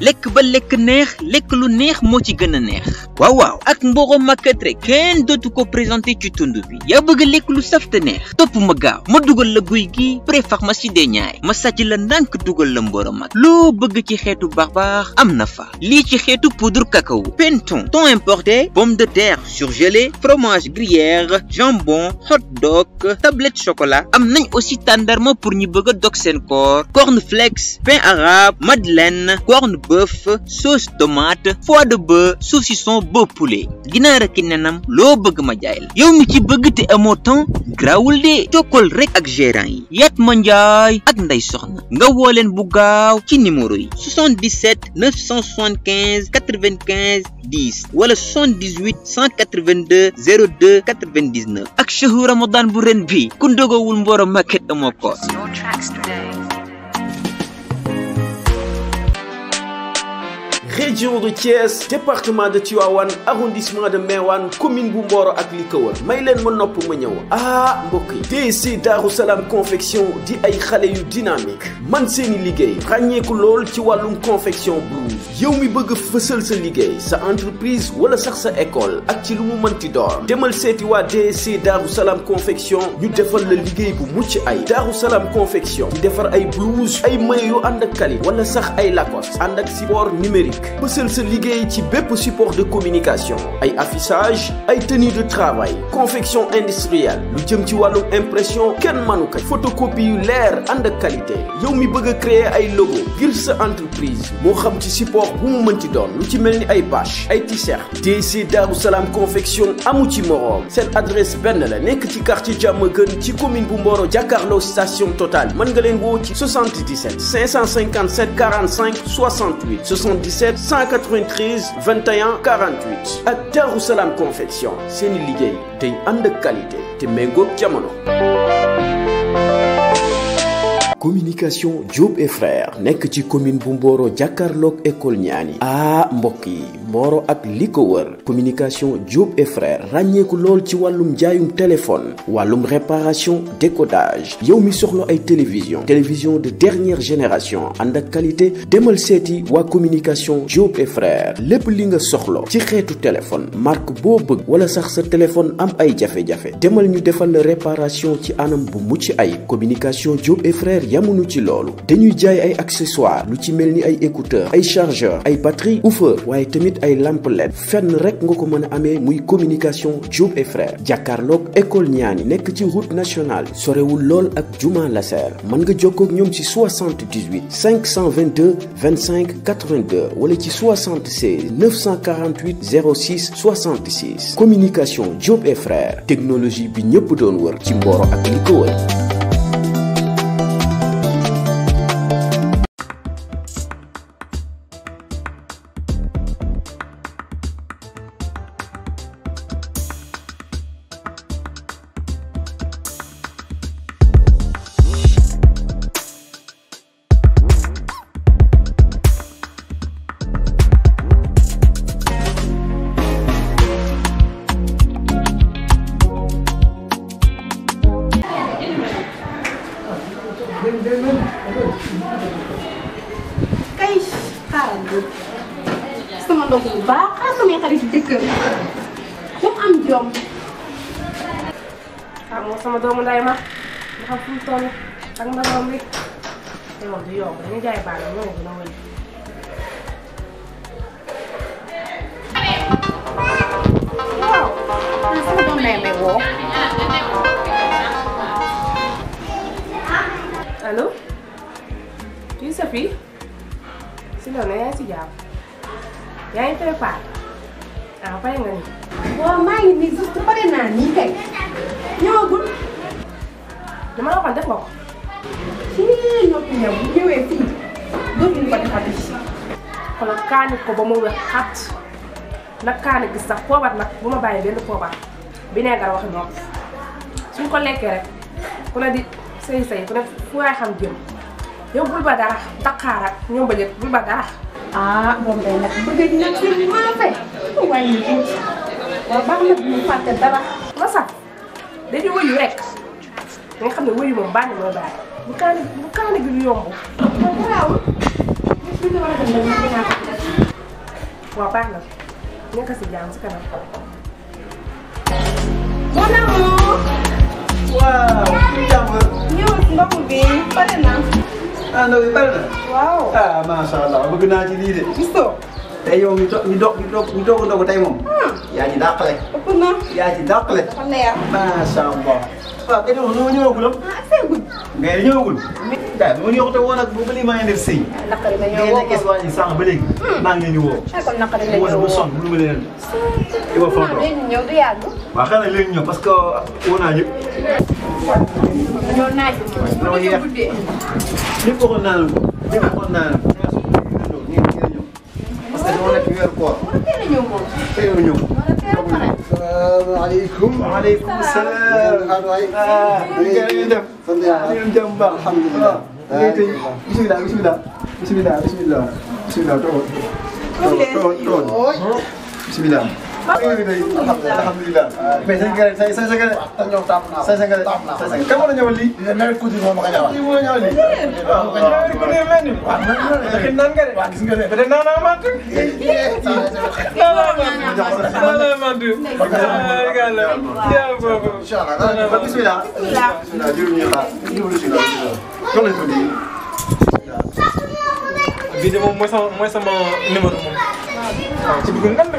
Les ba lek neex lek lu neex mo ci gëna neex waaw waaw ak mborom makatre kenn dootu ko présenter ci tund bi yaa bëgg lek lu saf neex ma gaaw ma duggal la guuy gi pré pharmacie de ñaay ma sacc la nank duggal la mborom mak lo bëgg ci fa ci poudre cacao penton ton importé pomme de terre surgelée fromage gruyère jambon hot dog tablette chocolat am aussi tàndarma pour ñi bëgg a sen cornflakes pain arabe madeleine corn bœuf sauce tomate foie de bœuf saucisson ba poulet ginaar ak nenam loo bëgg ma jaay la yow mi ci bëgg te amoo temps grawul de jokkol rek ak gérant yi Yat Ma Njaay ak Ndey Soxna nga woo bu gaaw ci numéro yi 77 975 95 10 wala 78 182 02 99 ak shahu Ramadan bu ren bi ku ndogowul Mboro Market amoo koos région de Thiès département de Tivaouane arrondissement de Mewane commune bu Mboro ak li ko leen ma nopp ma ñëw ah mbokk yi TSC Darou Salam confection di ay xale yu dynamique man seeni liggéey ràññeeku lool ci wàllum confection blouse yow mi bëgg fësal sa liggéey sa entreprise wala sax sa école ak ci lu mu mënti door demal seeti waa TSC Darou Salam confection ñu defal la liggéey bu mucc ay Darou Salam confection di defar ay blouse ay maillots yu ànd ak kali sax ay Lacoste bësal sa liggéey ci bépp support de communication ay affichage ay tenue de travail confection industrielle lu jëm ci impression kenn mënu photocopie yu leer qualité yow mi bëgg a créer ay logo ngir sa entreprise moo xam ci support bu mu mënti doon lu ci mel ay bâche ay t-shirt DC Darou Salam confection amu ci moroom seen adresse benn la nekk ci quartier Diamaguène ci commune bu Diakarlo, station Total mën nga leen woo ci 77 557 45 68 77 193 21 48 ak Darou Salam confection seeni liggéey day ànd ak qualité te méngoog jamono. communication job et Frère. nek ci commune Bumboro Jakarlok école niani ah Moki. boro Mboro ak communication job et frères ko lol ci walum jaayum téléphone walum réparation décodage yow mi soxla ay télévision télévision de dernière génération And ak qualité demal seti wa communication job et frère. lepp li nga soxlo ci téléphone marque bo bëgg wala sax sa téléphone am ay jafe-jafe demal ñu défal la réparation ci anam bu mucc ay communication job et frère yamunu ci loolu dañuy jaay ay accessoires lu ci melni ay écouteurs ay chargeurs ay batteries ou feu waye tamit ay lampe led fenn rek nga ko communication Job et frère. jàkkaarloog école ñaani ci route nationale sorewul lol ak juma laser man nga jokkoo ak ci 78 522 25 82 wala ci 76 948 06 66 communication Job et frère. technologie bi ñepp doon wër ci Mboro ak xarit jëkkër ku am jom waaw moom sama doomu nday ma nga xam fu mu toll ak magam bi te wax du yomb dañu jaay baal moo ne dina wëli waaw sama doom nday may woo allo Youssef yi si loolu yaa ngi si jàmm yaa ngi préparé waaw pare nga ni. waaw maa ngi nii sax pare naa nii kay. ñëwagul. dama la waxoon def nga ko. si ñoo ñëw ñëwee fii dootuñu ko defati. kon kaani ko ba mu wex xat nag kaani gis sax poobar nag bu ma bàyyi benn poobar bineegar wax noonu suñ ko lekkee rek ku ne di sëy sëy ku ne fu xam jëm yow bul ba dara daqaar ak ba njëkk bul ba dara. ah moom day nag bëgg nag fi maafe waaye tuuti waaw baax na ñu fàtte dara ma sax dañu wëyu rek da nga xam ne moom bànni moo daal bu kaani bu kaani gi yomb waaw baax na nekk si jàmm si kanam mon amour waaw ñëwal ndox bi pare na ah ndaw yi bëri na. waaw ah macha allah bëgg naa ci lii de. gis nga. tey yow mi do mi doog mi doog a doog tey moom. Ah. yaa ci dàqale. ëpp na yaa ci dàqale. dafa leer. macha allah. waaw ah, kay de moom nu ñëwagul am. Ah. ah seegul. mais li ñëwagul. daa bi ma yokkute woon ak ba léegi maa ngi def sëy. naqari nga ñëw woo ko mais sànq ba léegi. Hmm. maa ngi leen di woo. kon naqari nga ñëw woo ma sonn mënu ma leen. di ma fontoo waaw léegi ñëw du yàgg. waaw xanaa léegi ñëw parce que woo naa ñëpp. ñoo naaj. waaw ñoo yàq ñëpp waxoon naa leen ko. ñëpp waxoon naa leen ko. ñu ngi gën a ñëw. parce que dama nekk weeru koor. teel a ñëw moom. teel a ñëw. salaamaaleykum. waaleykum salaam. ah li nga leen di def. sant yàlla li ngeen jàmm baax. alhamdulilah waaw tey bisimilah bisimilah. bisimilah bisimilah. bisimilah toogal. toogal toogal. bisimilah. alhamdulilah mais say gerte say say gerte. waaw taam naa say gerte say kan war a ñëwal lii. nawet ku nekk moom ma ko ñëwal. lii moo ñëwal lii. waaw waaw nawet ku nekk mel ni. waaw man de naan nga de. waaw gis nga de peut-être naan naa màtt. naan naa màtt naan naa màtt. incha allah bisimilah. bisimilah jërëjëf waaw. bii de moom mooy sama mooy sama numéro moom. waaw ci dugub nan la.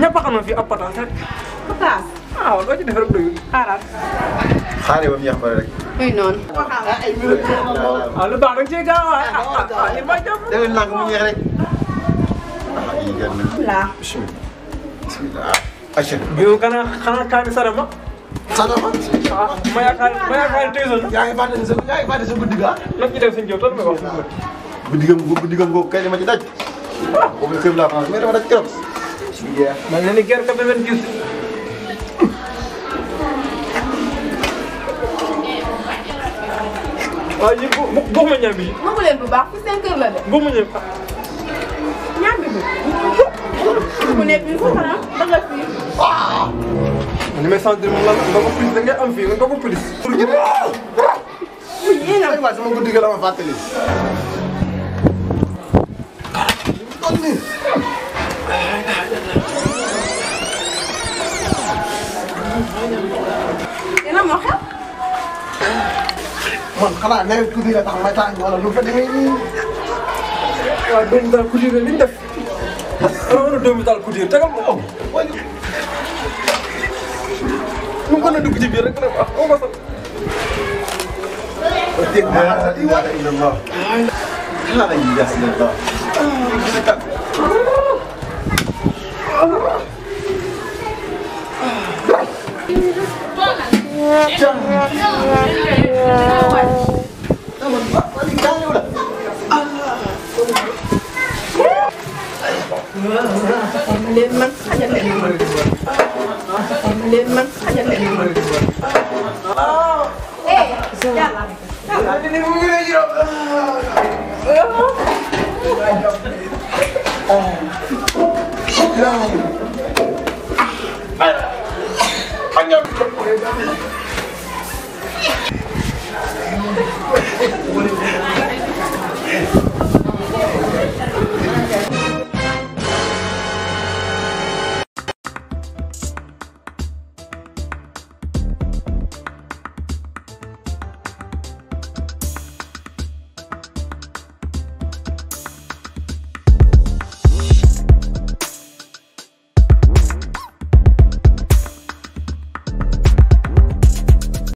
ñëpp xam na fi ab ah, pataas ya, eh, eh, ah, ah, rek. pataas. waaw loo ci def rek xaaral. xaaree ba mu yàq rek. muy noonu. ay lu baax da nga cee gaaw ah li ma jàpp. déwén naa ko mu ñeex rek. ah yii gën na. bisimilah. bisimilah. achi. yow gannaaw xanaa kaani sarama. sarama. ah ma yaakaar ma yaakaar tey sonn. yaa ngi fàttali sa yaa ngi fàttali sa guddi ga. lan ci def seen jëw tool mi wax. guddi gam guddi gam kay li ma ci daj. waaw boobu kër laa France mais dama daj keroog. Yeah. Maar dan ik heb het met je. Ah, Mau bocht me niet. Moet je even bakken, denk ik wel. Bocht mau niet. gue Mu ne bii foofu la ba Mau fii. ni may sant mu la nga ko prise da ngay am fii nga ko prise. pour ñu. sama guddi gi la Dina moo xew. man xanaa nawet guddi la tax ma tàng wala lu fa demee nii. ko. Trời lên mắt hãy nhận lên mắt lên mắt ờ, hãy ờ. nhận ờ. lên mắt Ê, dạ Hãy subscribe 한년 보내다니